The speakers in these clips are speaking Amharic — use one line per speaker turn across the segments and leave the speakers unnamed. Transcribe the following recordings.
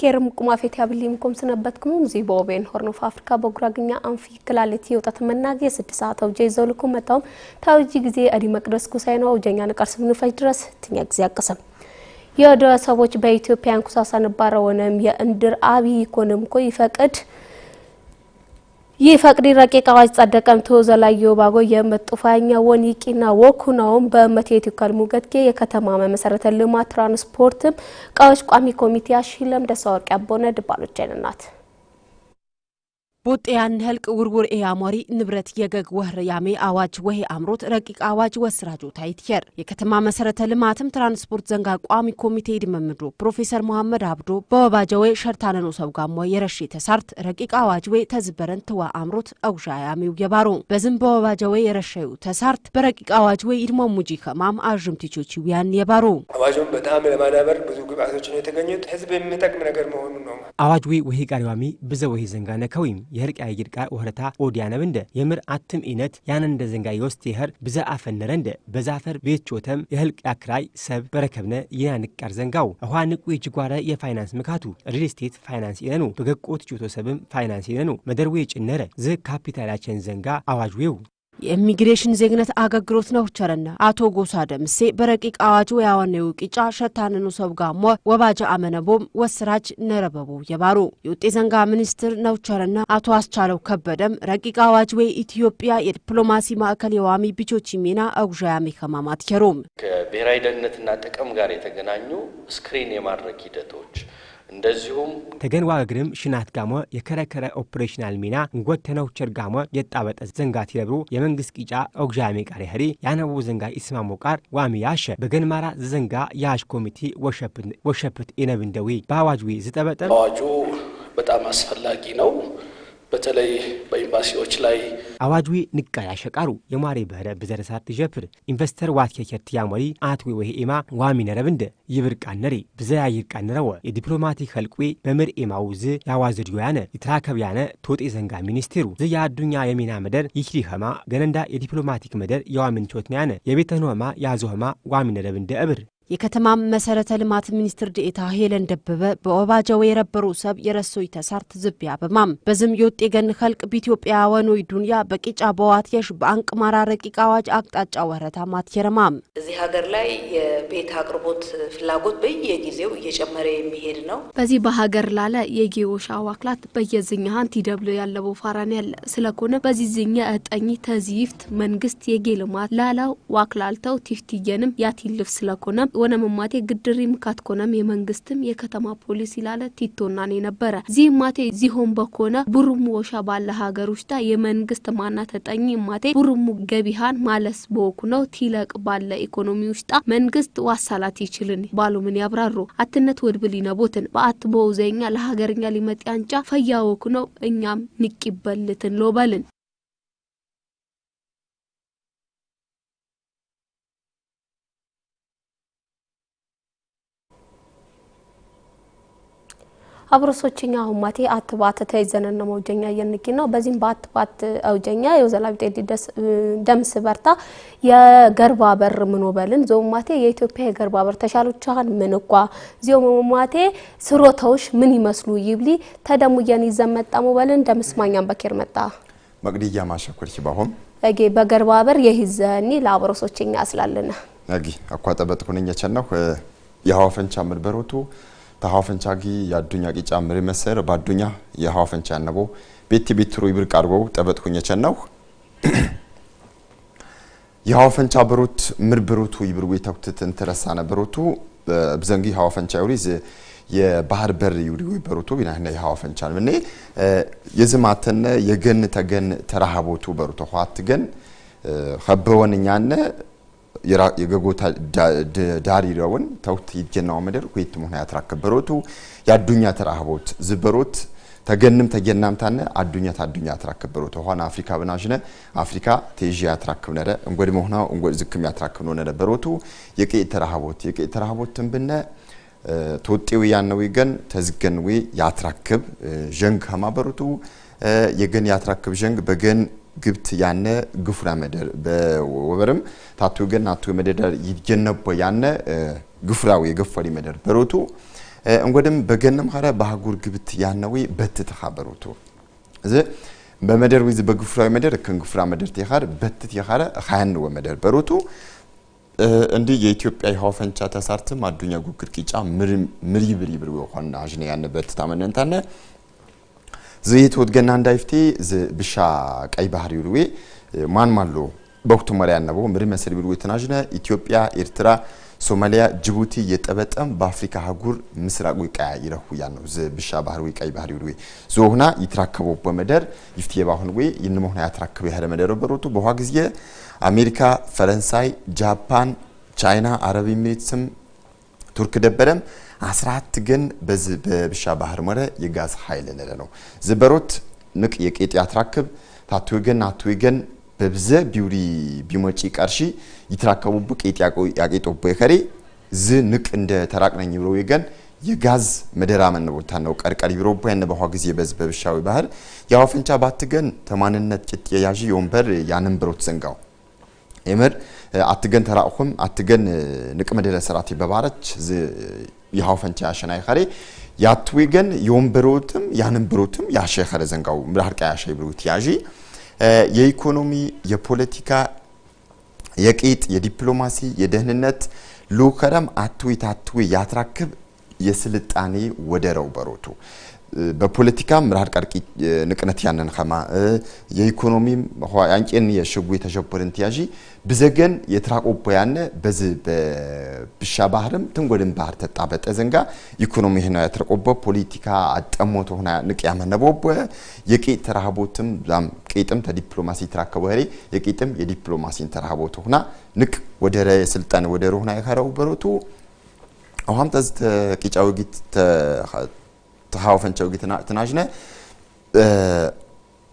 ኬርም ቁማፌት ያብሊም ኮምስነበትኩም ዚቦ ቤን ሆርኖፍ አፍሪካ በጉራግኛ አንፊ ክላለቲ የውጣት መናገ ስድስት ሰዓት አውጀ ይዘውልኩ መጣውም ታውጂ ጊዜ አዲ መቅደስ ኩሳይ ኩሳይና አውጀኛ ንቃር ስብንፋይ ድረስ ትኛ ጊዜ አቅሰም የደ ሰዎች በኢትዮጵያ ንኩሳሳ ንባረ ወነም የእንድር አብይ ኮንም ኮ ይፈቅድ ይህ ፈቅዲ ረቂቅ አዋጅ ጸደቀምቶ ዘላዮ ባጎ የእመት ጡፋኛ ወን ይቂና ወኩናውም በእመት የትካል ሙገትኬ የከተማ መመሰረተ ልማት ትራንስፖርትም ቃዎች ቋሚ ኮሚቴ አሽለም ደሳወርቅ ያቦነ ድባሎች አይነናት ቦጤ ያን ህልቅ ውርውር ኤያሞሪ ንብረት የገግ ወህር ያሜ አዋጅ ወሄ አምሮት ረቂቅ አዋጅ ወስራጆ ታይትየር የከተማ መሰረተ ልማትም ትራንስፖርት ዘንጋ ቋሚ ኮሚቴ ድመምዶ ፕሮፌሰር መሐመድ አብዶ በወባጀዌ ሸርታነኖ ሰብጋሞ ጋሞ የረሺ ተሳርት ረቂቅ አዋጅ ወይ ተዝበረን ትዋ አምሮት አውሻ ያሜው የባሮ በዝም በወባጀዌ የረሻዩ ተሳርት በረቂቅ አዋጅ ወይ ኢድሞ ሙጂ ከማም አዥም ቲቾቺ ያን የባሮ
አዋጁን በጣም ለማዳበር ብዙ ግብአቶች ነው የተገኙት። ህዝብ የሚጠቅም ነገር መሆኑን ነው
አዋጅ ወይ ወሄ ቃሪዋሚ ብዘ ወሄ ዘንጋ ነከዊም የህርቅ ያይግድ ቃር ወህረታ እንደ የምር አትም ኢነት ያን እንደ ዘንጋ የወስት የኸር ብዛ እንደ በዛፈር ቤት የህልቅ አክራይ ሰብ በረከብነ የናንቃር ዘንጋው አኋ ንቁ የጅጓረ የፋይናንስ ምካቱ ሪል ስቴት ፋይናንስ ኢነኑ በገቆት ጆቶ ሰብም ፋይናንስ ኢነኑ መደርዌ ጭነረ ዝ ካፒታላችን ዘንጋ አዋጅ አዋጅዌው
የኢሚግሬሽን ዜግነት አገልግሎት ነው ቸረና አቶ ጎሳ ደምሴ በረቂቅ አዋጅ ወያዋነዊ ውቂጫ ሸታንኑ ሰብ ጋሞ ወባጀ አመነቦም ወስራች ነረበቡ የባሩ የውጤ ዘንጋ ሚኒስትር ነው ቸረና አቶ አስቻለው ከበደም ረቂቅ አዋጅ ወይ ኢትዮጵያ የዲፕሎማሲ ማዕከል የዋሚ ብቾች ሚና አጉዣያሚ ከማማት የሩም
ከብሔራዊ ደህንነትና ጥቅም ጋር የተገናኙ ስክሪን የማድረግ ሂደቶች እንደዚሁም
ተገንዋ እግርም ሽናት ጋሞ የከረከረ ኦፕሬሽናል ሚና እንጎተነው ጋሞ የጣበጠ ዘንጋት ይለብሩ የመንግስት ቂጫ ኦግዣሜ ቃር ያህሪ ያነቡ ዘንጋ ኢስማሞ ቃር ዋሚ ያሸ በገንማራ ዘንጋ የአሽ ኮሚቴ ወሸፕት ኢነብንደዊ በአዋጅ ዊ ዝጠበጠም
አዋጁ በጣም አስፈላጊ ነው። በተለይ በኤምባሲዎች ላይ
አዋጅዊ ንቃይ አሸቃሩ የማሬ በህረ ብዘረሳት ጀፍር ኢንቨስተር ዋትኬኬት ያሞሪ አትዌ ወይ ኤማ ዋሚ ነረብንደ ይብርቃነሪ ብዘያ ይርቃነረወ የዲፕሎማቲክ ህልቁ መምር ኤማው ዝ ያዋዝድዮ ያነ ይትራከብ ያነ ቶጤ ዘንጋ ሚኒስቴሩ ዝ የአዱኛ የሚና መደር ይክሪ ኸማ ገነንዳ የዲፕሎማቲክ መደር የዋሚን ቾትንያነ የቤተኖ ኸማ ያዞ ኸማ ዋሚ ነረብንደ እብር
የከተማ መሰረተ ልማት ሚኒስትር ዴኤታ ሄለን ደበበ በኦባጀው የረበሩ ሰብ የረሶይ ተሳርት ዝብያ በማም በዝም የወጤ ገን ኸልቅ በኢትዮጵያ ወኖይ ዱንያ በቂጫ በዋትየሽ ማራ ረቂቅ አዋጅ አቅጣጫ ወረታ ማት
እዚህ ሀገር ላይ የቤት አቅርቦት ፍላጎት በየጊዜው እየጨመረ የሚሄድ ነው።
በዚህ በሀገር ላለ የጌዎሻ አዋክላት በየዝኛ ቲደብሎ ያለበው ፋራን ያለ ስለኮነ በዚህ ዝኛ እጠኝ ተዚይፍት መንግስት የጌ ልማት ላላ ዋክላልተው ቲፍትየንም ያቲልፍ ስለኮነ ወነ ወነምማቴ ግድሪም ካትኮነም የመንግስትም የከተማ ፖሊስ ይላለ ኔ ነበረ ዚህ ማቴ ዚሆን በኮነ ቡሩሙ ወሻ ባለ ሀገር ውሽጣ የመንግስት ማና ተጠኝ ማቴ ቡሩሙ ገቢሃን ማለስ በወኩ ነው ቲለቅ ባለ ኢኮኖሚ ውሽጣ መንግስት ዋሳላት ይችልን ባሉ ምን ያብራሩ አትነት ወድብል ይነቦትን በአት በውዘኛ ለሀገርኛ ሊመጥ ያንጫ ወኩ ነው እኛም ንቅ ይበልትን ሎበልን አብሮሶችኛ ሁማቴ አትባት ተይዘነነ መውጀኛ የንኪ ነው በዚህም በአትባት አውጀኛ የወዘላቢ ጤዲ ደምስ በርታ የገርባ በር ምኖበልን ዞማቴ የኢትዮጵያ የገርባ በር ተሻሎቻን ምንኳ ዚዮ መማቴ ስሮታዎች ምን ይመስሉ ይብሊ ተደሙ የን ይዘመጣ ሙበልን ደምስ ማኛን በኬር መጣ
መቅዲያ ማሸኩር ሲባሆም
እጌ በገርባ በር የሂዘኒ ለአብሮሶችኛ አስላለነ
እጌ አኳጠበት ሁነኛ ቸነሁ የሀዋፈንቻ ምንበሮቱ ተሃፈንቻጊ የአዱኛ ቂጫ ምሪ መሰር ባዱኛ የሃፈንቻ ያነቦ ቤቲ ቤትሩ ይብርቅ አርቦ ጠበጥ ሁኘቸ ነው የሃፈንቻ ብሩት ምር ብሩቱ ይብርጉ የተኩትት እንተረሳነ ብሩቱ ብዘንጊ ሃፈንቻ ይውሪ የባህር በር ይውሪ በሩቱ ቢናህነ የሃፈንቻ ምን የዝማተነ የገን ተገን ተራሃቦቱ በሩቱ ኋት ገን ኸበወንኛነ የገጎታ ዳሪረውን ተውት ይትጀናው መደር ኩይት ምክንያት ራከበሮቱ የአዱኛ ተራህቦት ዝበሮት ተገንም ተገናምታነ አዱኛ ታዱኛ ያትራክብሮት ሆነ አፍሪካ ብናሽነ አፍሪካ ቴዥያ ያትራክብ ነረ እንጎድ መሆና እንጎድ ዝክም ያትራክብ ነው ነበሮቱ የቀይ ተራህቦት የቀይ ተራህቦት ትንብነ ተወጤው ያነው ይገን ተዝገን ያትራክብ ጀንግ ከማበሩቱ የገን ያትራክብ ጀንግ በገን ግብት ያነ ግፉራ መደር በወበርም ታቱ ገን ናቱ መደደር ይጀነቦ ያነ ግፉራው የገፈሪ መደር በሮቱ እንጎደም በገነም ኸራ በአህጉር ግብት ያነዊ በትት ሀበሮቱ እዚ በመደር ዊዝ በግፉራዊ መደር ከንግፉራ መደር ተኻር በትት የኻረ ኻያን መደር በሮቱ እንዲ የኢትዮጵያ የሆፈንቻ ተሳርትም አዱኛ ጉግር ቂጫ ምሪ ብሪ ብሪ ወሆን አጅነ ያነ በትት አመነንታነ ዝየትወትገና እንዳይፍቴ ብሻ ቀይ ባህር ይልዌ ማን ማሎ በውክቱ መሪያ ነበው ምሪ መስል ብልዌ ተናጅነ ኢትዮጵያ ኤርትራ ሶማሊያ ጅቡቲ የጠበጠም በአፍሪካ ሀጉር ምስራቅ ዊቃያ ይረሁ ያ ነው ዝ ብሻ ባህር ዊቃይ ባህር ይልዌ ዞሆና ይትራከቦ በመደር ይፍቴ ባሁን ዌ ይንመሆና ያትራከበ ያለ መደረ በሮቱ በኋላ ጊዜ አሜሪካ ፈረንሳይ ጃፓን ቻይና አረብ ኤሚሬትስም ቱርክ ደበረም አስራት ግን በብሻ ባህር መረ የጋዝ ኃይል ነለ ነው ዝበሮት ንቅ የቄጥ ያትራክብ ታትወገን አትወገን በብዘ ቢውሪ ቢሞጪ ቀርሺ ይትራከቡ ቄጥ ያቄጦቦ የከሬ ዝ ንቅ እንደ ተራቅነኝ ብሮ ይገን የጋዝ መደራ መንቦታ ነው ቀርቀር ይብሮቦ ያነ በኋላ ጊዜ በዝ በብሻዊ ባህር ያው ፈንቻ ባትገን ተማንነት ጭጥ የያዥ የወንበር ያንን ብሮት ዘንጋው ኤምር አትገን ተራቅኩም አትገን ንቅ መደረ ሰራቴ በባረች ይሃው ፈንቻ ግን ኸሬ ብሩትም የወንብሮትም ብሩትም ያሸ ኸረ ዘንጋው ምራርቃ ያሸ ብሩት ያዢ የኢኮኖሚ የፖለቲካ የቂጥ የዲፕሎማሲ የደህንነት ሉከረም አትዊ ታትዊ ያትራክብ የስልጣኔ ወደረው በሮቱ በፖለቲካ ምራር ቀርቂ ንቅነት ያንን ኸማ የኢኮኖሚም ሆ አንቄን የሽቡ የተሸበርን ያጂ ብዘገን የትራቆቦ ያነ በዝ በብሻ ባህርም ትንጎድን ባህር ተጣበጠ ዘንጋ ኢኮኖሚ ህና ያትረቆቦ ፖለቲካ አጠሞት ሆና ንቅ ያመነቦቦ የቄጥ ተራህቦትም ዛም ቄጥም ተዲፕሎማሲ ተራከቦ ሄሪ የቄጥም የዲፕሎማሲ ተራህቦት ሆና ንቅ ወደ ስልጣን ወደ ሮህና የካራው በሮቱ አሁን ተዝ ተቂጫው ግት ተሃው ፈንቸው ግት ተናጅነ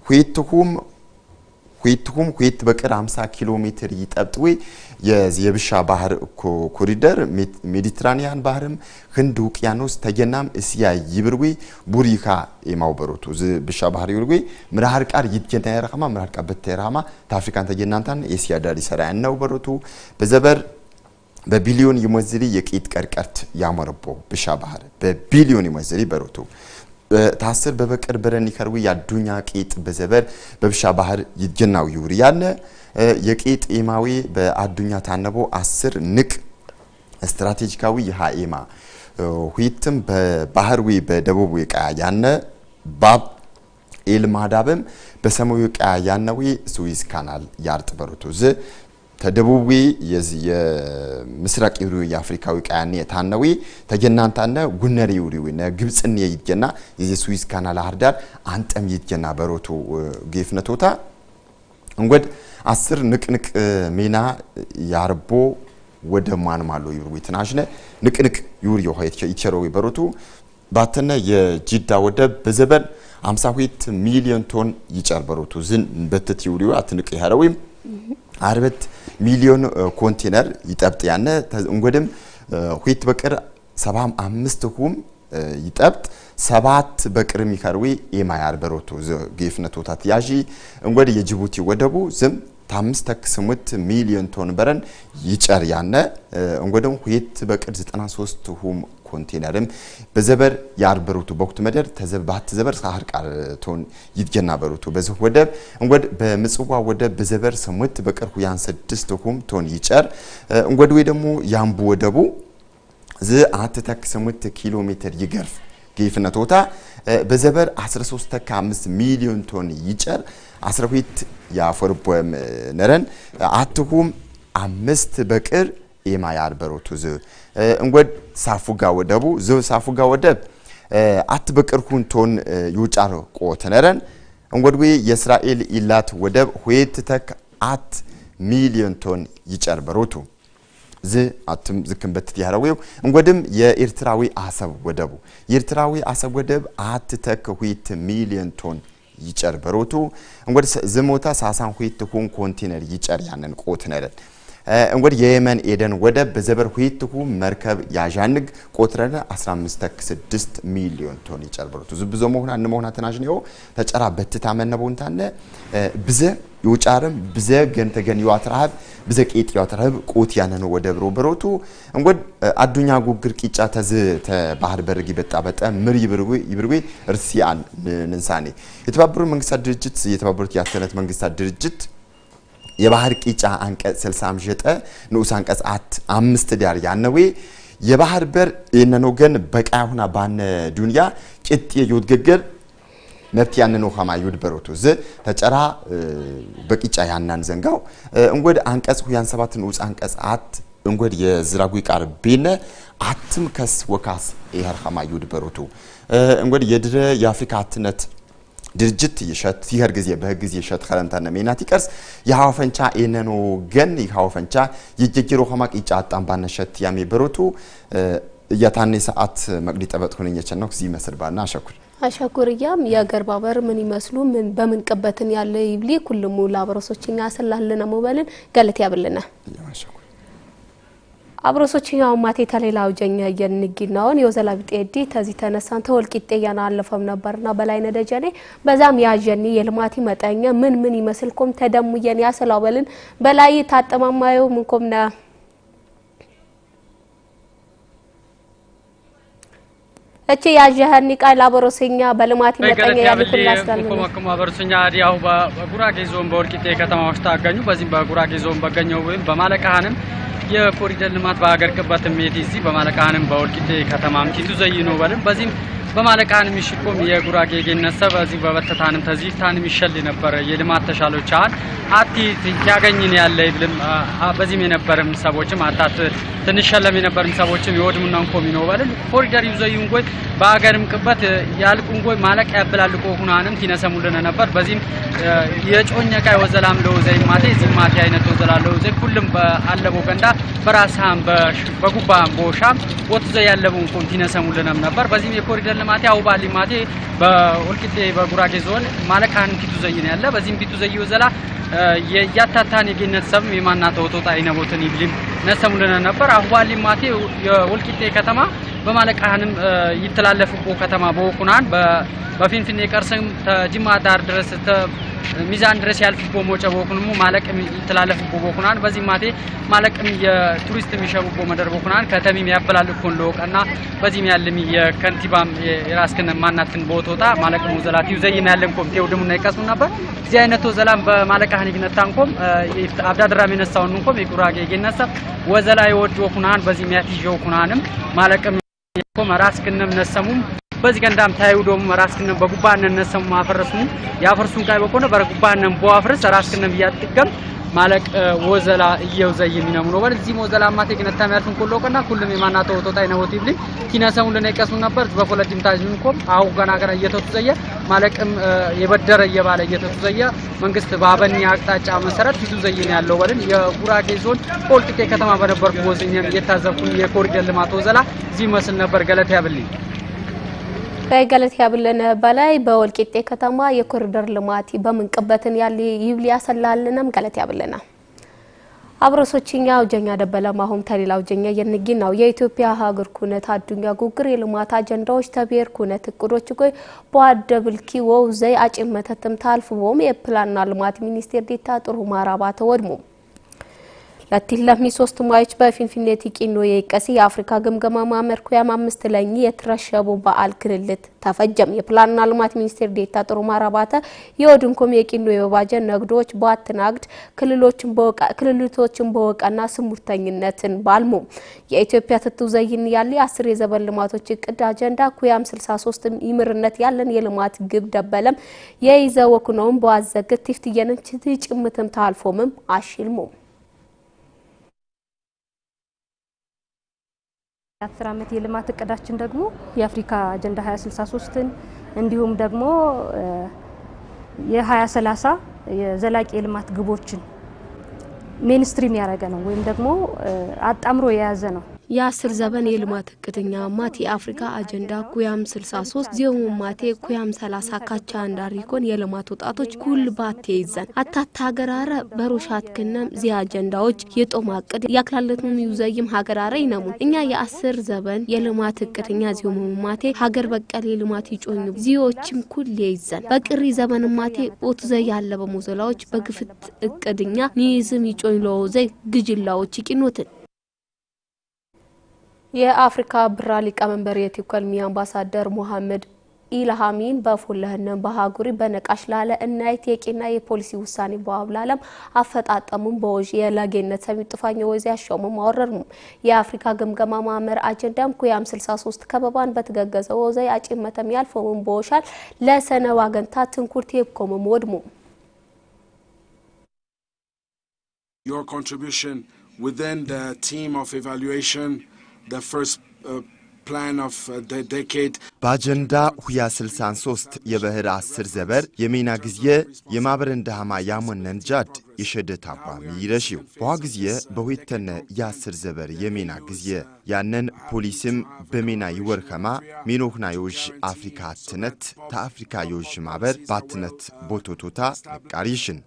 ሁይትኩም ሁይትኩም ሁይት በቅር 50 ኪሎ ሜትር ይጠብጥዌ የብሻ ባህር ኮሪደር ሜዲትራኒያን ባህርም ህንድ ውቅያኖስ ተገናም እስያ ይብርዌ ቡሪካ የማውበሮቱ ዝ ብሻ ባህር ይብርዌ ምራሃር ቃር ይጀና ያረኸማ ምራሃር ቃር በተራማ ታፍሪካን ተገናንታን እስያ ዳሪ ሰራ ያናው በሮቱ በዘበር በቢሊዮን ይመዝሪ የቂት ቀርቀርት ያመረቦ ብሻ ባህር በቢሊዮን ይመዝሪ በሮቱ ታስር በበቅር በረን ይከርዊ ያዱኛ ቂጥ በዘበር በብሻ ባህር ይጀናው ይውር ያነ የቂጥ ኢማዊ በአዱኛ ታነቦ አስር ንቅ ስትራቴጂካዊ የሃኢማ ሁይትም በባህርዊ በደቡብ ቃያ ያነ ባብ ኤልማዳብም በሰማያዊ ቃያ ያነዊ ስዊዝ ካናል ያርጥ በሩቱ ዝ ተደቡዊ የምስራቅ ይሁሪ የአፍሪካዊ ቃያኔ የታነዊ ተጀናንታነ ጉነሪ ይሁሪ ነ ግብፅን ይጀና ስዊዝ ካናል አህርዳር አንጠም ይጀና በሮቱ ጌፍነቶታ እንጎድ አስር ንቅንቅ ሜና ያርቦ ወደ ማንማሎ ይሩዊ ትናሽነ ንቅንቅ ይሁሪ ሆይ ይቸረዊ በሮቱ ባተነ የጂዳ ወደብ በዘበን 52 ሚሊዮን ቶን ይጨርበሮቱ ዝን በትት ይሁሪው አትንቅ ያረዊም አርበት ሚሊዮን ኮንቴነር ይጠብጥ ያነ እንጎድም ሁት በቅር ሰባም አምስት ሁም ይጠብጥ ሰባት በቅር የሚከርዊ ኤማያር በሮቱ ጌፍነቱ ታትያዢ እንጎድ የጅቡቲ ወደቡ ዝም ታምስት ተክ ስሙት ሚሊዮን ቶን በረን ይጨር ያነ እንጎደም ሁት በቅር 93 ሁም ኮንቴነርም በዘበር ያርበሩቱ በወቅቱ መደር ተዘባት ዘበር ሳህር ቃርቶን ቶን ይትገና በሩቱ በዚህ ወደብ እንጎድ በምጽዋ ወደብ በዘበር ሰሙት በቀርሁ ያን ስድስት ሁም ቶን ይጨር እንጎድ ወይ ደግሞ ያምቡ ወደቡ ዝ አት ተክ ሰሙት ኪሎ ሜትር ይገርፍ ጌፍነት ቦታ በዘበር 13 ተከ 5 ሚሊዮን ቶን ይጨር 12 ያፈርቦም ነረን አትሁም አምስት በቅር ኤማ ያርበሮቱ ዝ እንጎድ ሳፉጋ ወደቡ ዝ ሳፉጋ ወደብ አት በቅርኩን ቶን ይውጫር ቆተነረን እንጎድ ዌ የእስራኤል ኢላት ወደብ ሁየት ተክ አት ሚሊዮን ቶን ይጨርበሮቱ ዝ አትም ዝክን በትት ያረዌው እንጎድም የኤርትራዊ አሰብ ወደቡ የኤርትራዊ አሰብ ወደብ አት ተክ ሁየት ሚሊዮን ቶን ይጨርበሮቱ እንጎድ ዝሞታ ሳሳን ሁየት ሁን ኮንቲነር ይጨር ያንን ቆተነረን እንግዲህ የየመን ኤደን ወደብ በዘበር ሁይትሁ መርከብ ያዣንግ ቆትረን 15 ሚሊዮን ቶን ይጨርብሩት ዝብዞ መሆን አን መሆን ተናሽኔው ተጨራ በትታ መነቦንታነ ብዘ ይውጫርም ብዘ ገን ተገን ብዘ ቄጥ ይዋት ቆት ያነኑ ወደብ ሮበሮቱ እንግዲህ አዱኛ ጉግር ቂጫ ተዝ ተባህር በርጊ በጣ በጣ ምር ይብርጉ ይብርጉ እርሲያን ንንሳኔ የተባበሩት መንግስታት ድርጅት የተባበሩት የአትነት መንግስታት ድርጅት የባህር ቂጫ አንቀጽ 60 69 ንዑስ አንቀጽ አምስት ዳር ያነዌ የባህር በር የነኖ ገን በቃ ሁና ባነ ዱንያ ቂጥ የዩድግግር መብት ያንን ውሃማ ይውድ በሮቱ ዝ ተጨራ በቂጫ ያናን ዘንጋው እንጎድ አንቀጽ ሁያን ሰባት ንዑስ አንቀጽ አት እንጎድ የዝራጉ ቃር ቤነ አትም ከስ ወካስ ይሄር ይርሃማ ይውድ በሮቱ እንጎድ የድረ የአፍሪካ አትነት ድርጅት ይሸት ሲህር ጊዜ በህግ በህግዝ ይሸት ከረንተነ ሜናት ይቀርስ የሃው ፈንቻ ኤነኖ ገን ይሃው ፈንቻ ይጀጅሮ ሆማቅ ይጫጣን ባነሸት ያሜ ብሩቱ የታኔ ሰዓት መቅዲ ጠበጥ ሆነኛችን ነው ከዚህ መስል ባና አሸኩር
አሻኩርያም የገርባበር ምን ይመስሉ ምን በምን ቅበትን ያለ ይብሊ ኩልሙ ላብረሶችኛ ስላልና ሞበልን ገለት ያብልና አብሮሶችኛው ማቴ ተሌላ አውጀኛ የንጊናውን የወዘላ ቢጤዲ ተዚ ተነሳን ተወልቂጤ ያና አለፈም ነበርና በላይ ነደጀኔ በዛም ያጀኒ የልማቲ መጠኛ ምን ምን ይመስልኩም ተደሙየን ያሰላበልን በላይ ታጠማማዩ ምንኩም ነ እቺ ያጀሃኒ ቃል አበሮሰኛ በልማት ይመጣኛ ያልኩላ አስተላልፈው
ማበሮሰኛ ያው በጉራጌ ዞን በወልቂጤ ከተማ ውስጥ ታገኙ በዚህም በጉራጌ ዞን በገኘው ወይም በማለቃህንም የኮሪደር ልማት በአገር ቅበት ሜት እዚህ በማለቃህንም በወልቂጤ ከተማም ኪቱ ዘይኖ በልም በዚህም በማለቃን የሚሽቆም የጉራጌ ገነሰ በዚህ በበተታንም ተዚፍታንም ይሸል የነበረ የልማት ተሻሎች አቲ ያገኝን ያለ ይብልም በዚህም የነበርም ሰዎችም አታት ትንሸለም የነበርም ሰዎችም የወድሙና እንኮም ነው ባልን ኮሪደር ይዘዩን ጎይ በአገርም ቅበት ያልቁን ጎይ ማለቅ ያብላልቆ ሁናንም ቲነሰሙልን ነበር በዚህም የጮኛቃ ወዘላም ለወዘይ ማቴ ዝማቴ አይነት ወዘላለው ዘይ ሁሉም በአለቦ ገንዳ በራሳም በጉባም በሻም ወትዘ ያለቡን ኮንቲነሰሙልንም ነበር በዚህም የኮሪደር ሊማቴ አውባ ሊማቴ በወልቂጤ በጉራጌ ዞን ማለካን ቢቱ ዘይ ነው ያለ በዚህም ቢቱ ዘይ ወዘላ የያታታን የገነት ሰብ የማና ተወጣ አይነቦትን ይብልም ነሰሙ ለነ ነበር አውባ ሊማቴ የወልቂጤ ከተማ በማለቃህንም ይተላለፍቦ ከተማ በወቁናን በፊንፊኔ ቀርስም ተጅማ ዳር ድረስ ሚዛን ድረስ ያልፍቦ ሞጨቦ ኩንሙ ማለቅ ይተላለፍቦ ቦኩናን በዚህ ማቴ ማለቅ የቱሪስት የሚሸቡቦ መደር ቦኩናን ከተሚም ያበላልኩን ለውቀና በዚህም ያለም የከንቲባም የራስክን ማናትን ቦቶታ ማለቅ ነው ዘላት ይዘይም ያለም ኮሚቴው ደሙና ይቀሱ ነበር እዚህ አይነቱ ዘላም በማለቃ በማለቅ አህኒግነታንኮም አብዳድራ የነሳውን እንኮም የጉራጌ የነሳ ወዘላ ይወድ ወኩናን በዚህም ያትጆ ኩናንም ማለቅም ኮም ራስክንም ነሰሙም በዚህ ጋር እንዳምታዩ ደግሞ ራስክነ በጉባነ ነሰሙ ማፈረስሙ ያፈርሱን ካይ በቆነ በጉባነ በዋፍርስ ራስክነ ቢያጥቀም ማለቅ ወዘላ እየውዘይ የሚነሙ ነው በዚህ ወዘላ ማቴ ግን ታም ያልፍን ኩሎ ቀና ሁሉም የማና ተወቶታይ ነው ቲብሊ ቲነሰሙ ለነቀሱ ነበር በፖለቲም ታጅን ኮም አው ገና ገና እየተተዘየ ማለቅም የበደረ እየባለ እየተተዘየ መንግስት ባበን አቅጣጫ መሰረት ብዙ ዘይን ያለው ወልን የጉራጌ ዞን ፖልቲኬ ከተማ በነበርኩ ወዘኛ እየታዘብኩኝ የኮሪደር ልማት ወዘላ እዚህ መስል ነበር ገለት ያብልኝ
በገለቴ ያብለነ በላይ በወልቂጤ ከተማ የኮሪደር ልማት በምንቅበትን ያለ ይብል ያሰላልንም ገለቴ ያብለና አብረሶችኛ ውጀኛ ደበለ ማሁም ተሌላ ውጀኛ ነው የኢትዮጵያ ሀገር ኩነት አዱኛ ጉግር የልማት አጀንዳዎች ተብሔር ኩነት እቅዶች ጎይ በአደብልኪ ወው ዘይ አጭመተትም ታልፍ ወም የፕላንና ልማት ሚኒስቴር ዴታ ጥሩ ማራባ ተወድሙ ለቲ ለሚ ሶስት ማዮች በፊንፊኔ ቲቂኖ የቀሲ የአፍሪካ ግምገማ ማመር ኩያም አምስት ለኝ የትረሸቡ በዓል ክልልት ተፈጀም የፕላንና ልማት ሚኒስቴር ዴታ ጥሩማራ ባተ የኦድንኮም የቂኖ የበባጀ ነግዶች በአትናግድ ክልሎችን በወቃ ክልሎቶችን በወቃና ስሙርተኝነትን ባልሙ የኢትዮጵያ ትትው ዘይን ያለ አስር የዘበን ልማቶች እቅድ አጀንዳ ኩያም 63 ይምርነት ያለን የልማት ግብ ደበለም የይዘወኩ ነውም በዋዘግት ቲፍትየንም ጭምትም ታልፎምም አሽልሙም የአስር ዓመት የልማት እቅዳችን ደግሞ የአፍሪካ አጀንዳ 2063ን እንዲሁም ደግሞ የ2030 የዘላቂ የልማት ግቦችን ሜንስትሪም ያደረገ ነው ወይም ደግሞ አጣምሮ የያዘ ነው። የአስር ዘመን የልማት እቅድኛ ማት የአፍሪካ አጀንዳ ኩያም 63 ዚሆሙ ማቴ ኩያም 30 ካቻ እንዳሪኮን የልማት ወጣቶች ኩል ጉልባቴ ይዘን አታታ ሀገራረ በሮሻት ክነም ዚ አጀንዳዎች የጦም አቅድ ያክላለትም ይውዘይም ሀገራረ ይነሙ እኛ የአስር ዘመን የልማት እቅድኛ ዚሆሙ ማቴ ሀገር በቀል የልማት ይጮኙ ዚዎችም ኩል ይዘን በቅሪ ዘመን ማቴ ቦት ዘ ያለ በሞዘላዎች በግፍት እቅድኛ ኒይዝም ይጮኝ ለወዘይ ግጅላዎች ይቂኖትን የአፍሪካ ብራ ሊቀመንበር የኢትዮጵያ አምባሳደር ሙሐመድ ኢልሃሚን በፎለህነም በሀጉሪ በነቃሽ ላለ እና የቄና የፖሊሲ ውሳኔ በአብላለም አፈጣጠሙን በወዥ የላጌነት ሰሚ ጥፋኝ ወዚ ያሻውም አወረርሙ የአፍሪካ ግምገማ ማመር አጀንዳም ኩያም 63 ከበባን በተገገዘ ወዘይ አጭመተም ያልፎም በወሻል ለሰነ ዋገንታ ትንኩርት የብኮምም ወድሙ
Your contribution within the team of evaluation Uh, uh, በአጀንዳ 63 የበህር 10 ዘበር የሜና ጊዜ የማበረን ዳሃማ ያሞነን ጃድ የሸደ ታባሚ ይረሽው በዋ ጊዜ በሁይተነ የአስር ዘበር የሜና ጊዜ ያነን ፖሊስም በሜና ይወርከማ ሜኖክና የውዥ አፍሪካ አትነት ተአፍሪካ የውዥ ማበር ባትነት ቦቶቶታ ነቃሪሽን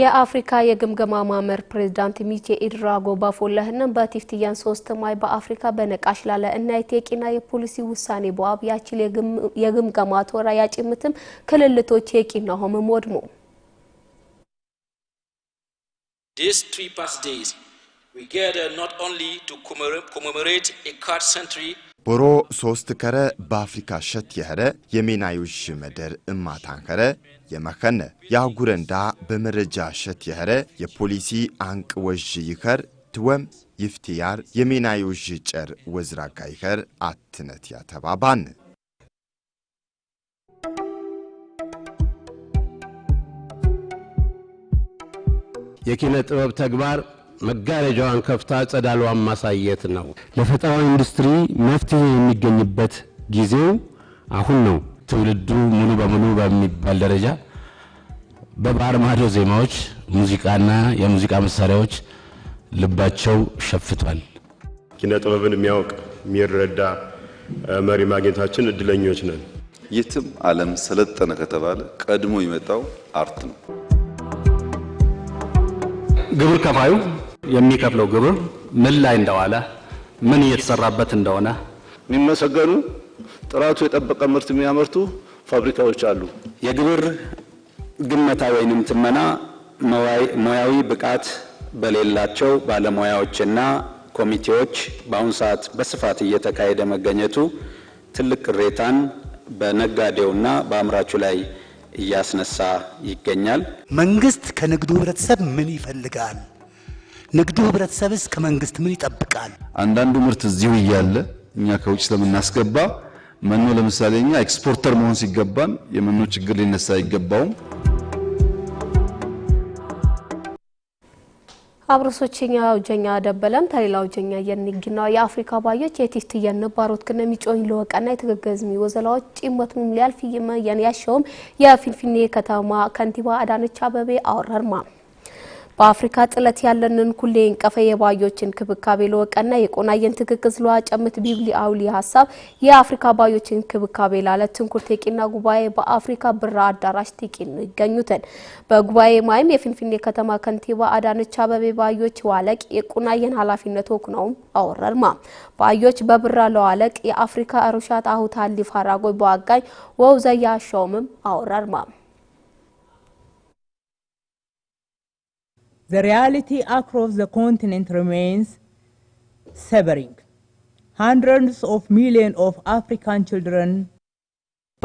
የአፍሪካ የግምገማ ማመር ፕሬዚዳንት ሚቼኢድ ራጎ ባፎለህንም በቲፍትያን ሶስት ማይ በአፍሪካ በነቃሽ ላለ እና የቴቂና የፖሊሲ ውሳኔ በአብ ያችል የግምገማ ቶራ ያጭምትም ክልልቶች የቂና ሆምም ወድሞ
These three past days, we gather not only to commemorate a card century
ቦሮ ሶስት ከረ በአፍሪካ ሸት የኸረ የሜናዮሽ መደር እማታንከረ ኸረ የመኸነ የአጉረንዳ በመረጃ ሸት የኸረ የፖሊሲ አንቅ ወዥ ይኸር ትወም ይፍትያር የሜናዮሽ ጨር ወዝራጋ ይኸር አትነት ያተባባን
የኪነ ጥበብ ተግባር መጋረጃዋን ከፍታ ጸዳሏን ማሳየት ነው። ለፈጠራዊ ኢንዱስትሪ መፍትሄ የሚገኝበት ጊዜው አሁን ነው። ትውልዱ ሙሉ በሙሉ በሚባል ደረጃ በባህር ማዶ ዜማዎች፣ ሙዚቃና የሙዚቃ መሳሪያዎች ልባቸው ሸፍቷል።
ኪነ ጥበብን የሚያውቅ የሚረዳ መሪ ማግኘታችን እድለኞች ነን።
የትም ዓለም ሰለጠነ ከተባለ ቀድሞ የመጣው አርት ነው።
ግብር ከፋዩ የሚከፍለው ግብር ምን ላይ እንደዋለ ምን እየተሰራበት እንደሆነ
የሚመሰገኑ ጥራቱ የጠበቀ ምርት የሚያመርቱ ፋብሪካዎች አሉ።
የግብር ግመታ ወይንም ትመና ሙያዊ ብቃት በሌላቸው ባለሙያዎችና ኮሚቴዎች በአሁኑ ሰዓት በስፋት እየተካሄደ መገኘቱ ትልቅ ቅሬታን በነጋዴውና በአምራቹ ላይ እያስነሳ ይገኛል።
መንግስት ከንግዱ ህብረተሰብ ምን ይፈልጋል? ንግዱ ህብረተሰብስ ከመንግስት ምን ይጠብቃል?
አንዳንዱ ምርት እዚሁ እያለ እኛ ከውጭ ስለምናስገባ መኖ ለምሳሌ እኛ ኤክስፖርተር መሆን ሲገባን የመኖ ችግር ሊነሳ አይገባውም።
አብሮ ሶችኛ አውጀኛ ደበለም ተሌላ አውጀኛ የንግና የአፍሪካ ባዮች የቲስት የነባሮት ግን የሚጮኝ ለወቀና የተገገዝሚ ወዘላዎች ጭመት ምም ሊያልፍ የሚያሸውም የንያሸውም የፊንፊኔ ከተማ ከንቲባ አዳነች አበቤ አወረርማ በአፍሪካ ጥለት ያለንን ኩሌ እንቀፈ የባዮችን ክብካቤ ለወቀና የቆናየን ትክክዝ ለዋ ጨምት ቢብሊ አውሊ ሀሳብ የአፍሪካ ባዮችን ክብካቤ ላለ ትንኩር ቴቂና ጉባኤ በአፍሪካ ብራ አዳራሽ ቴቂን ይገኙትን በጉባኤ ማይም የፊንፊኔ ከተማ ከንቲባ አዳነች አበቤ ባዮች ዋለቅ የቆናየን ኃላፊነት ወክነውም አወረርማ ባዮች በብራ ለዋለቅ የአፍሪካ ሩሻት አሁታ ሊፋራጎይ በዋጋኝ ወውዘያ ሾምም አወረርማ
the reality across the continent remains severing. Hundreds of millions of African children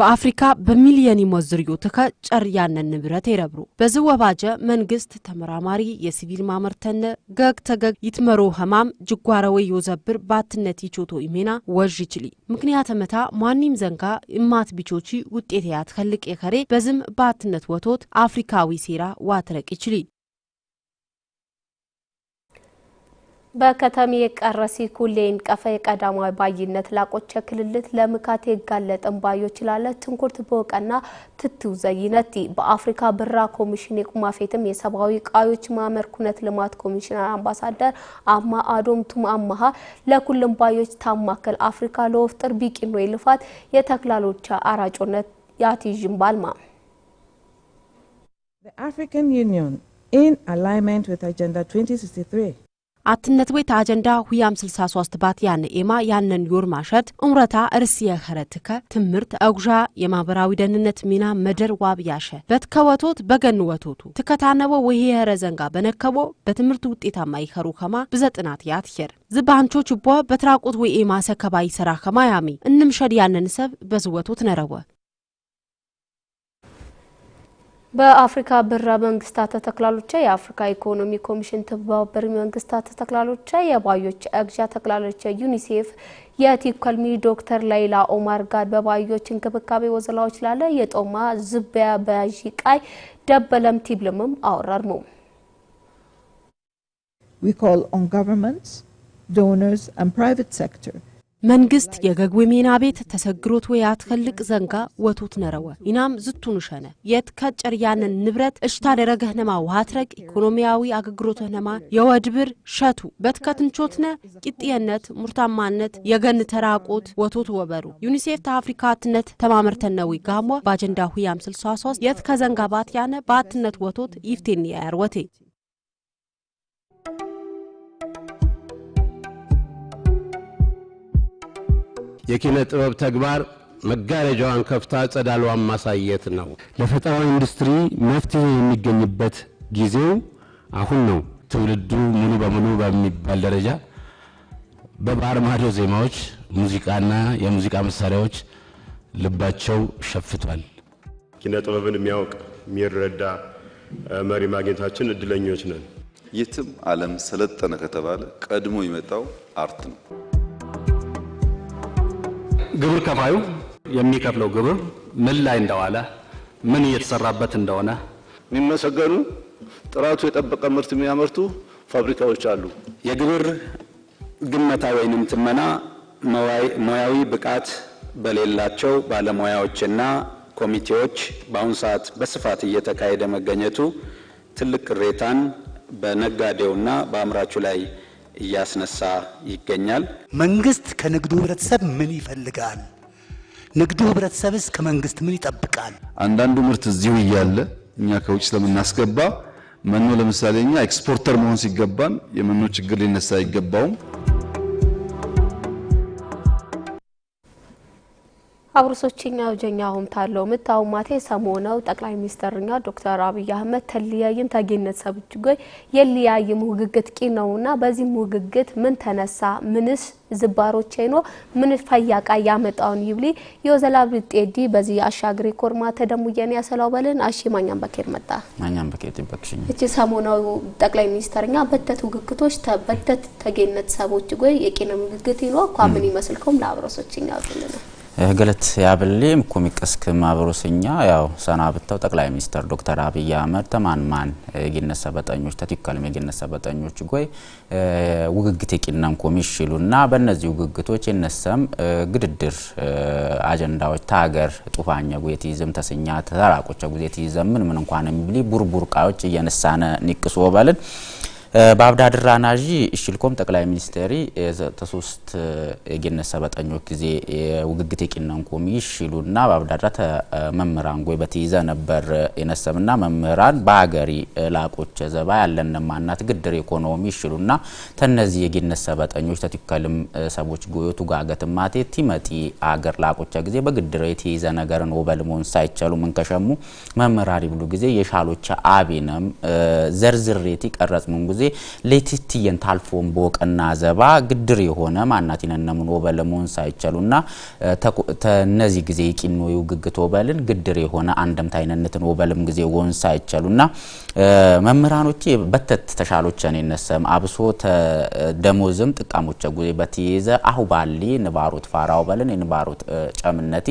በአፍሪካ በሚሊየን ይሞዝርዩ ትከ ጨር ያነን ንብረት ይረብሩ በዝ ወባጀ መንግስት ተመራማሪ የሲቪል ማመርተነ ገግ ተገግ ይትመሮ ህማም ጅጓረወ ዮዘብር ባትነት ይቾቶ ይሜና ወዥ ይችሊ ምክንያት መታ ማንም ዘንጋ እማት ቢቾቺ ውጤት ያትከልቅ የከሬ በዝም ባትነት ወቶት አፍሪካዊ ሴራ ዋትረቅ ይችሊ በከተሜ የቀረሲ ኩሌን ቀፈ ቀዳማዊ ባይነት ላቆቸ ክልልት ለምካት የጋለጠን ባዮ ይችላለ ትንኩርት በወቀና ትትው ዘይነቲ በአፍሪካ ብራ ኮሚሽን የቁማፌትም የሰብአዊ ቃዮች ማመር ኩነት ልማት ኮሚሽነር አምባሳደር አማ አዶም ቱም አማሃ ለኩልም ባዮች ታማከል አፍሪካ ለወፍጥር ቢቂኖ ይልፋት የተክላሎቻ አራጮነት ያቲዥን ባልማ
The African Union in alignment with Agenda 2063
አትነት ወይ አጀንዳ ሁያም 63 ባት ያን ኤማ ያንን ዮር ማሸት እምረታ እርስ የኸረትከ ትምህርት አጉዣ የማህበራዊ ደህንነት ሚና መደር ዋብ ያሸ በትከወቶት በገን ወቶቱ ትከታነበ ወይ የኸረ ዘንጋ በነከቦ በትምህርት ውጤታማ ይኸሩ ከማ ብዘጥናት ያትሄር ዝባንቾ ችቦ በትራቁት ወይ ኤማ ሰከባይ ሰራ ከማ ያሚ እንም ሸድ ሰብ በዝወቶት ነረወ በአፍሪካ ብራ መንግስታት ተክላሎች የአፍሪካ ኢኮኖሚ ኮሚሽን ትባበር መንግስታት ተክላሎች የባዮች አግዣ ተክላሎች ዩኒሴፍ የቲኮልሚ ዶክተር ላይላ ኦማር ጋር በባዮች እንክብካቤ ወዘላዎች ላለ የጦማ ዝበያ በያዢ ቃይ ደበለም ቲብልምም አወራርሙ
We call on governments, donors and private sector
መንግስት የገግዌ ሜና ቤት ተሰግሮት ወይ አትከልቅ ዘንጋ ወቱት ነረወ ኢናም ዝቱን ሸነ የት ከጨር ያንን ንብረት እሽታ ደረገህ ነማ ውሃትረቅ ኢኮኖሚያዊ አገግሮትህ ነማ የወድብር ሸቱ በትከትንቾትነ ቂጥየነት ሙርታማነት የገን ተራቆት ወቶት ወበሩ ዩኒሴፍ ተአፍሪካትነት ተማመርተነዊ ጋሞ በአጀንዳ ሁያም 63 የት ከዘንጋ ባት ያነ ባትነት ወቶት ይፍቴን ያያር ወቴ
የኪነ ጥበብ ተግባር መጋረጃዋን ከፍታ ጸዳሏን ማሳየት ነው። ለፈጠራ ኢንዱስትሪ መፍትሄ የሚገኝበት ጊዜው አሁን ነው። ትውልዱ ሙሉ በሙሉ በሚባል ደረጃ በባህር ማዶ ዜማዎች፣ ሙዚቃና የሙዚቃ መሳሪያዎች ልባቸው ሸፍቷል።
ኪነ ጥበብን የሚያውቅ የሚረዳ መሪ ማግኘታችን እድለኞች ነን።
የትም ዓለም ሰለጠነ ከተባለ ቀድሞ የመጣው አርት ነው።
ግብር ከፋዩ የሚከፍለው ግብር ምን ላይ እንደዋለ ምን እየተሰራበት እንደሆነ
የሚመሰገኑ ጥራቱ የጠበቀ ምርት የሚያመርቱ ፋብሪካዎች አሉ።
የግብር ግመታ ወይንም ትመና ሙያዊ ብቃት በሌላቸው ባለሙያዎችና ኮሚቴዎች በአሁኑ ሰዓት በስፋት እየተካሄደ መገኘቱ ትልቅ ቅሬታን በነጋዴውና በአምራቹ ላይ እያስነሳ ይገኛል።
መንግስት ከንግዱ ህብረተሰብ ምን ይፈልጋል? ንግዱ ህብረተሰብስ ከመንግስት ምን ይጠብቃል?
አንዳንዱ ምርት እዚሁ እያለ እኛ ከውጭ ስለምናስገባ መኖ ለምሳሌ እኛ ኤክስፖርተር መሆን ሲገባን የመኖ ችግር ሊነሳ አይገባውም።
አብርሶችኛ ውጀኛሁም ታለው ምታው ማቴ ሰሞነው ጠቅላይ ሚኒስተርኛ ዶክተር አብይ አህመድ ተለያይም ሰብች ሰብጅጎይ የለያይም ውግግት ቂ ነውና በዚህ ውግግት ምን ተነሳ ምንስ ዝባሮች አይኖ ምን ፈያቃ ያመጣውን ይብሊ የወዘላብ ጤዲ በዚህ አሻግሪ ኮርማ ተደሙ የኔ ያሰላው በልን አሺ ማኛም በኬር መጣ
ማኛም በኬር ይበክሽኝ
እቺ ሰሞናው ጠቅላይ ሚኒስተርኛ በተት ውግግቶች በተት ተጌነት ሰቦች ጎይ የቂነ ውግግት ይኖ ኳ ምን ይመስልከውም ለአብርሶችኛ ውጀኛው
ገለት ያብሌ ምኮም ይቀስክም አብሮስኛ ያው ሰና ብተው ጠቅላይ ሚኒስትር ዶክተር አብይ አህመድ ተማንማን ጊነሰ በጠኞች ተቲካልም የጊነሰ በጠኞች ጎይ ውግግት የቂናም ኮሚሽሉና በእነዚህ ውግግቶች የነሰም ግድድር አጀንዳዎች ታገር ጡፋኛ ጉየት ይዘም ተስኛ ተራቆቻ ጉየት ይዘምን ምን እንኳን ቢሊ ቡርቡር ቃዎች እየነሳነ ንቅሶ ባልን በአብዳድራ ናዢ እሽልኮም ጠቅላይ ሚኒስቴሪ ተሶስት የጌነሰ በጠኞ ጊዜ ውግግት የቂነንኮሚ ይሽሉና በአብዳድራ ተመምህራን ጎይ በትይዘ ነበር የነሰምና መምህራን በሀገሪ ላቆች ዘባ ያለን ማናት ግድር ኢኮኖሚ ይሽሉና ተነዚህ የጌነሰ በጠኞች ተቲከልም ሰቦች ጎዮቱ ጋገት ማቴ ቲመጢ አገር ላቆቻ ጊዜ በግድር የትይዘ ነገርን ወበልሞን ሳይቸሉ ምንከሸሙ መምህራሪ ብሉ ጊዜ የሻሎቻ አቢነም ዘርዝሬቲ ቀረጽ ሙን ጊዜ ጊዜ ሌቲቲ የንታልፎን ቦቀና ዘባ ግድር የሆነ ማናት ይነነሙን ወበለ መሆን ሳይቸሉና ተነዚህ ጊዜ ይቂኖ ይውግግት ወበልን ግድር የሆነ አንደምታ ይነነትን ወበልም ጊዜ ወን ሳይቸሉና መምህራኖች በተት ተሻሎች እኔ ነሰም አብሶ ደሞዝም ጥቃሞች ጉዜ በትይዘ አሁ ባሊ ንባሮት ፋራው በልን የንባሮት ጨምነቲ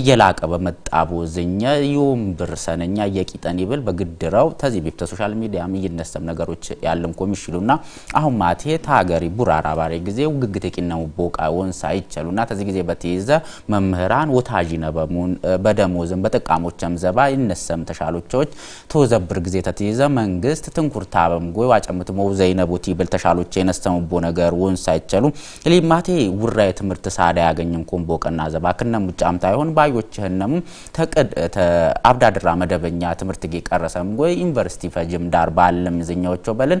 እየላቀ በመጣቡ ዝኛ ዩም ብር ሰነኛ እየቂጠን ይብል በግድረው ተዚህ ቢብ ተሶሻል ሚዲያም እይነሰም ነገሮች ያለ ሀገርን ኮሚሽሉና አሁን ማቴ ታገሪ ቡራራ ባሬ ጊዜ ውግግት የቂነሙ ቦቃ ወንሳ ይቸሉና ተዚ ጊዜ በተይዘ መምህራን ወታጂ ነበሙን በደሞዝም በጠቃሞችም ዘባ ይነሰም ተሻሎቾች ተወዘብር ጊዜ ተተይዘ መንግስት ትንኩርታ በምጎይ ዋጨምት ሞው ዘይነቦቲ ብል ተሻሎች የነሰሙ ቦ ነገር ወንሳ ይቸሉ ሊማቴ ውራ የትምህርት ሳዳ ያገኝን ኮምቦ ቀና ዘባ ክነሙ ጫምታ ይሆን ባዮችህነሙ ተቀድ አብዳድራ መደበኛ ትምህርት ጌ ቀረሰም ጎይ ዩኒቨርሲቲ ፈጅም ዳር ባለም ዝኛዎቾ በልን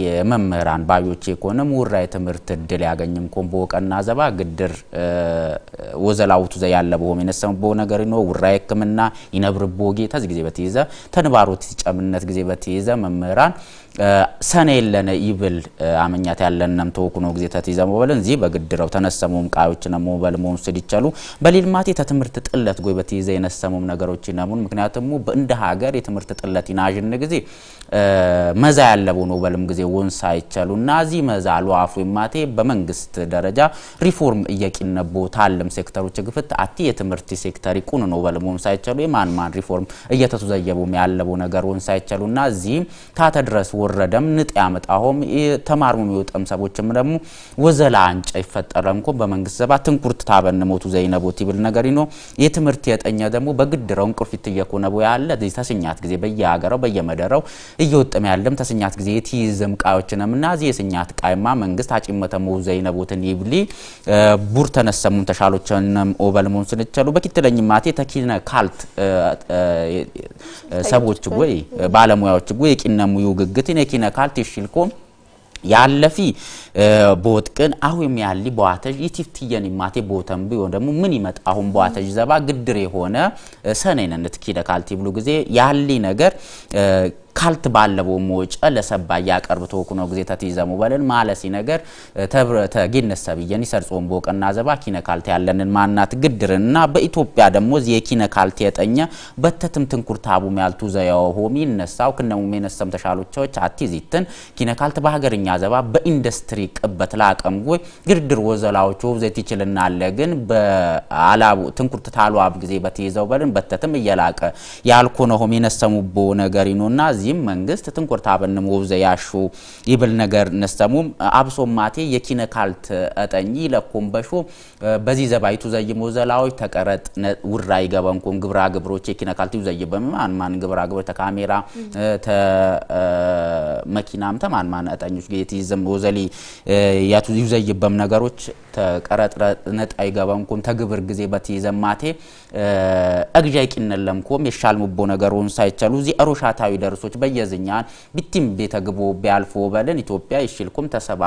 የመምህራን ባዮቼ ኮንም ውራ የትምህርት እድል ያገኝም ኮን በወቀና ዘባ ግድር ወዘላውቱ ዘ ያለ በሆም የነሰምቦ ነገር ነው ውራ ሕክምና ይነብርቦ ጌ ተዚ ጊዜ በተይዘ ተንባሮት ሲጨምነት ጊዜ በተይዘ መምህራን ሰነ የለነ ይብል አመኛት ያለንም ተወኩኖ ጊዜ ተትይዘ ሞበልን ዚ በግድረው ተነሰሙም ቃዮች ነሞ በልሞም ይቻሉ በሌልማቴ ተትምህርት ጥለት ጎይ በተይዘ የነሰሙም ነገሮች ነሙን ምክንያቱም በእንደ ሀገር የትምህርት ጥለት ይናዥን ጊዜ መዛ ያለ ያለበውን ወበልም ጊዜ ወንሳ ይቸሉ ናዚ መዛሉ አፉ ማቴ በመንግስት ደረጃ ሪፎርም እየቂነቦ ታለም ሴክተሮች ግፍት አቲ የትምህርቲ ሴክተር ቁን ነው ወበልም ወንሳ ይቸሉ የማን ማን ሪፎርም እየተቱ ዘየቡም ያለበው ነገር ወንሳ ይቸሉ ናዚ ታተ ድረስ ወረደም ንጥ ያመጣሆም ተማርሙ የሚወጠም ሰቦችም ደግሞ ወዘላ አንጨ ይፈጠረ ይፈጠረምኮ በመንግስት ዘባ ትንኩርት ታበን ሞቱ ዘይነቦት ይብል ነገር ነው የትምህርት የጠኛ ደግሞ በግድረው እንቅርፊት እየኮነቦ ያለ ተስኛት ጊዜ በየሀገራው በየመደረው እየወጠም ያለም ተስኛት የስኛት ሰኛት ግዜ እቲ ነም እና እዚ የስኛት ቃይማ መንግስት አጭመተ መውዘ ይነቦትን ይብሊ ቡር ተነሰሙን ተሻሎችንም ኦበልሞን ስንቸሉ በኪትለኝ ማቴ ተኪነ ካልት ሰቦች ወይ ባለሙያዎች ወይ የቂነሙ ይውግግትን የኪነ ካልት ይሽልኮ ያለፊ ቦትቅን አሁን ያሊ በዋተጅ ኢቲፍትየን ማቴ ቦተም ቢሆን ደግሞ ምን ይመጣ አሁን በዋተጅ ዘባ ግድር የሆነ ሰነይነነት ኪደካልቲ ብሉ ጊዜ ያሊ ነገር ካልት ባለቦ መወጨ ለሰባ ያቀርብቶ ኩኖ ግዜ ተትይዘሙ በልን ማለሲ ነገር ተብረ ተጊነስ ሰብየኒ ሰርጾን ቦቀና ዘባ ኪነ ካልት ያለንን ማናት ግድርና በኢትዮጵያ ደግሞ የኪነ ካልት የጠኘ በተትም ትንኩርታቡ ሚያልቱ ዘያው ሆሚ ይነሳው ክነሙ ሜነሰም ተሻሎቻዎች አቲዚትን ኪነ ካልት በሀገርኛ ዘባ በኢንዱስትሪ ቅበት ላቀም ጎይ ግድር ወዘላዎች ወብዘት ይችልና አለ ግን በአላቡ ትንኩርት ታሏብ ጊዜ በትይዘው በልን በተትም እየላቀ ያልኩ ነው ሆሚ ሚነሰሙቦ ነገር ይኖና በተለይም መንግስት ትንኩርታ በንም ወብዘ ያሹ ይብል ነገር ነስተሙም አብሶማቴ ማቴ የኪነ ካልት አጠኚ ለኮምበሾ በዚህ ዘባይቱ ዘይሞ ዘላዎች ተቀረጥ ውራይ ገበንኩም ግብራ ግብሮች የኪነካልቲው ዘይበም ማን ማን ግብራ ግብሮ ተካሜራ ተመኪናም ተማን ማን አጣኞች ጌት ይዘም ወዘሊ ያቱ ይዘይበም ነገሮች ተቀረጥ ነጣይ ገበንኩም ተግብር ጊዜ በትይዘማቴ አግጃይ ቂነለምኩም የሻል ሙቦ ነገሩን ሳይቻሉ እዚ አሮሻታዊ ደርሶች በየዝኛን ቢቲም ቤተግቦ ቢያልፎ በለን ኢትዮጵያ ይሽልኩም ተሰባ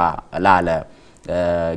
ላለ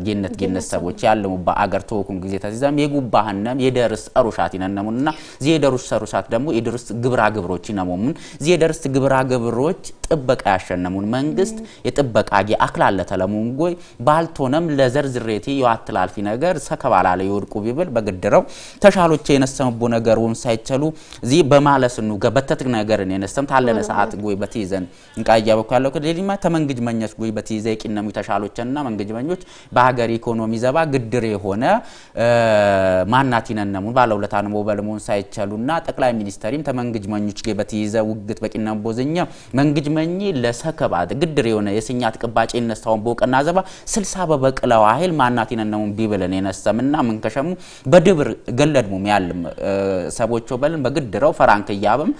ጌነት ጌነት ሰቦች ያለሙ በአገር ተወኩን ጊዜ ተዚዛም የጉባህነም የደርስ አሩሻት ይነነሙና ዚ የደርስ አሩሻት ደግሞ የደርስ ግብራ ግብሮች ይነሙምን ዚ የደርስ ግብራ ግብሮች ጥበቃ ያሸነሙን መንግስት የጥበቃ ጌ አክላለ ተለሙም ጎይ ባልቶነም ለዘርዝሬቲ የዋትላልፊ ነገር ሰከባላለ ይወድቁ ቢብል በግድረው ተሻሎች የነሰምቦ ነገር ወም ሳይቸሉ ዚ በማለስኑ ገበተትግ ነገርን የነሰም ታለነ ሰዓት ጎይ በትይዘን እንቃያ በኩ ያለው ከሌሊማ ተመንግጅ መኛች ጎይ በትይዘ ይቂነሙ ተሻሎችና መንግጅ መኞች ወዳጆች በሀገር ኢኮኖሚ ዘባ ግድር የሆነ ማናት ይነነሙን ባለውለታን በልሞን ሳይቻሉና ጠቅላይ ሚኒስተሪም ተመንግጅ መኞች ጌ በትይዘ ውግት በቂና ቦዘኛ መንግጅ መኝ ለሰከባ ግድር የሆነ የስኛ ቅባጭ የነሳውን በውቀና ዘባ ስልሳ በበቅለው አይል ማናት ይነነሙን ቢብልን የነሰምና ምንከሸሙ በድብር ገለድሙ ያልም ሰቦቾ በልን በግድረው ፈራንክ እያብም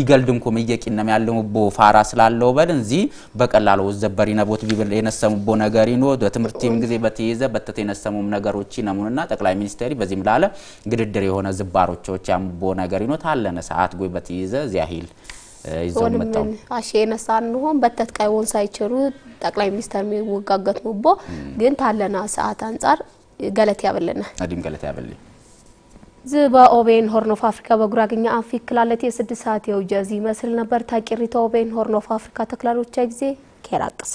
ይገልድምኩም እየቂነም ያልሙቦ ፋራ ስላለው በልን እዚህ በቀላሉ ዘበሪ ነቦት ቢብል የነሰሙቦ ነገር ይኖ በትምህርትም ጊዜ በተይዘ በተተነሰሙም ነገሮች ነሙንና ጠቅላይ ሚኒስትር በዚህም ላለ ግድድር የሆነ ዝባሮቾች ያምቦ ነገር ይኖት አለነ ሰዓት ጎይ በተይዘ ዚያሂል
ይዘው መጣው አሽ የነሳ እንሆን በተት ቃይ ወን ሳይችሩ ጠቅላይ ሚኒስትር የሚወጋገት ሙቦ ግን ታለና ሰዓት አንጻር ገለት ያበልና
አዲም ገለት ያበል
ዝ በኦቤን ሆርን ኦፍ አፍሪካ በጉራግኛ አንፊክ ክላለት የስድስት ሰዓት የውጀ ዚህ መስል ነበር ታቂሪቶ ኦቤን ሆርን ኦፍ አፍሪካ ተክላሎቻ ጊዜ ኬራቅስ